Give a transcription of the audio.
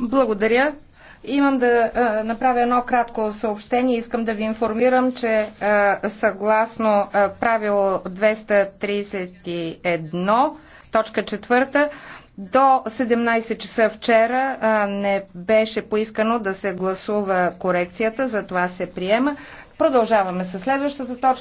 Благодаря. Имам да а, направя едно кратко съобщение. Искам да ви информирам, че а, съгласно а, правило 231, точка 4, до 17 часа вчера а, не беше поискано да се гласува корекцията, затова се приема. Продължаваме с следващата точка.